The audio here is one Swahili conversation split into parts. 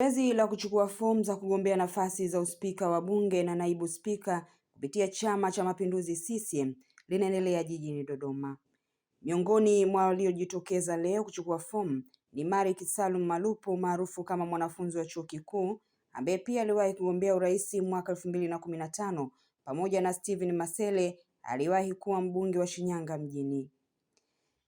Zoezi la kuchukua fomu za kugombea nafasi za uspika wa bunge na naibu spika kupitia Chama cha Mapinduzi CCM linaendelea jijini Dodoma. Miongoni mwa waliojitokeza leo kuchukua fomu ni Marick Salum Malupo maarufu kama mwanafunzi wa chuo kikuu ambaye pia aliwahi kugombea urais mwaka elfu mbili na kumi na tano pamoja na Steven Masele aliwahi kuwa mbunge wa Shinyanga mjini.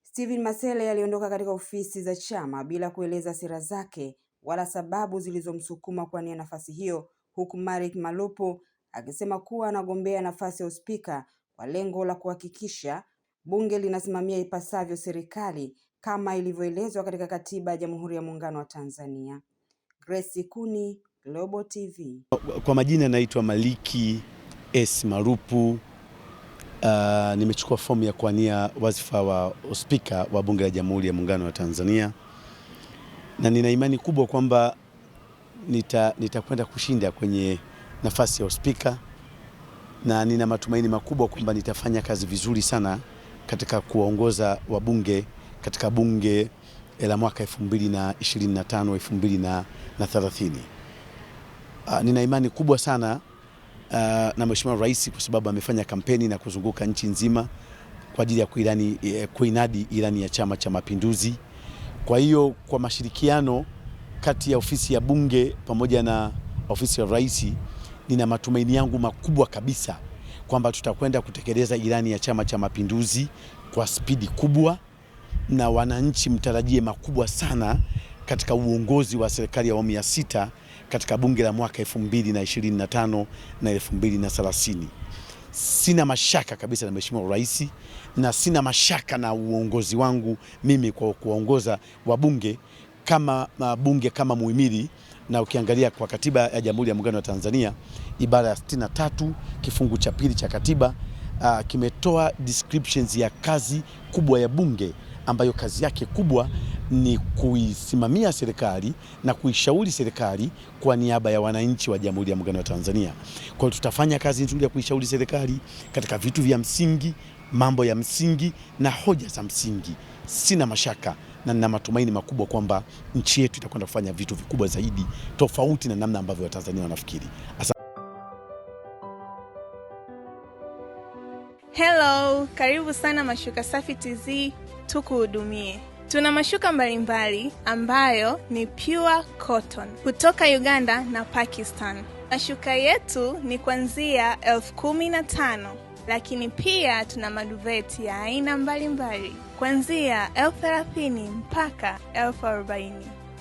Steven Masele aliondoka katika ofisi za chama bila kueleza sera zake wala sababu zilizomsukuma kuwania nafasi hiyo, huku marik marupu akisema kuwa anagombea nafasi ya uspika kwa lengo la kuhakikisha bunge linasimamia ipasavyo serikali kama ilivyoelezwa katika katiba ya Jamhuri ya Muungano wa Tanzania. Grace Kuni, Global TV. Kwa majina naitwa Maliki S Marupu. Uh, ah, nimechukua fomu ya kuwania wazifa wa uspika wa bunge la Jamhuri ya Muungano wa Tanzania na nina imani kubwa kwamba nitakwenda nita kushinda kwenye nafasi ya uspika, na nina matumaini makubwa kwamba nitafanya kazi vizuri sana katika kuwaongoza wabunge katika bunge la mwaka 2025 2030. Ah, nina imani kubwa sana uh, na Mheshimiwa Rais kwa sababu amefanya kampeni na kuzunguka nchi nzima kwa ajili ya eh, kuinadi ilani ya Chama cha Mapinduzi. Kwa hiyo kwa mashirikiano kati ya ofisi ya Bunge pamoja na ofisi ya Rais, nina matumaini yangu makubwa kabisa kwamba tutakwenda kutekeleza ilani ya Chama cha Mapinduzi kwa spidi kubwa, na wananchi mtarajie makubwa sana katika uongozi wa serikali ya awamu ya sita katika bunge la mwaka 2025 na 2030. Sina mashaka kabisa na Mheshimiwa Rais na sina mashaka na uongozi wangu mimi kwa kuwaongoza wabunge kama bunge kama muhimili, na ukiangalia kwa katiba ya Jamhuri ya Muungano wa Tanzania ibara ya 63 kifungu cha pili cha katiba uh, kimetoa descriptions ya kazi kubwa ya bunge ambayo kazi yake kubwa ni kuisimamia serikali na kuishauri serikali kwa niaba ya wananchi wa Jamhuri ya Muungano wa Tanzania. Kwa hiyo tutafanya kazi nzuri ya kuishauri serikali katika vitu vya msingi, mambo ya msingi na hoja za msingi. Sina mashaka na nina matumaini makubwa kwamba nchi yetu itakwenda kufanya vitu vikubwa zaidi tofauti na namna ambavyo Watanzania wanafikiri. Asa Hello, karibu sana Mashuka Safi TV tukuhudumie. Tuna mashuka mbalimbali ambayo ni pure cotton kutoka Uganda na Pakistan. Mashuka yetu ni kuanzia 15 lakini pia tuna maduveti ya aina mbalimbali kuanzia 30 mpaka 40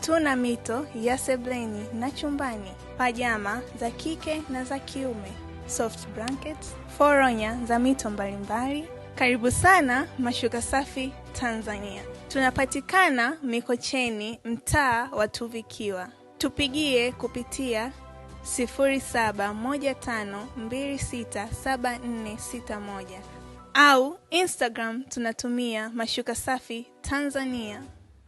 Tuna mito ya sebleni na chumbani, pajama za kike na za kiume, soft blankets, foronya za mito mbalimbali karibu sana Mashuka Safi Tanzania. Tunapatikana Mikocheni, mtaa wa Tuvikiwa. Tupigie kupitia 0715267461 au Instagram tunatumia Mashuka Safi Tanzania.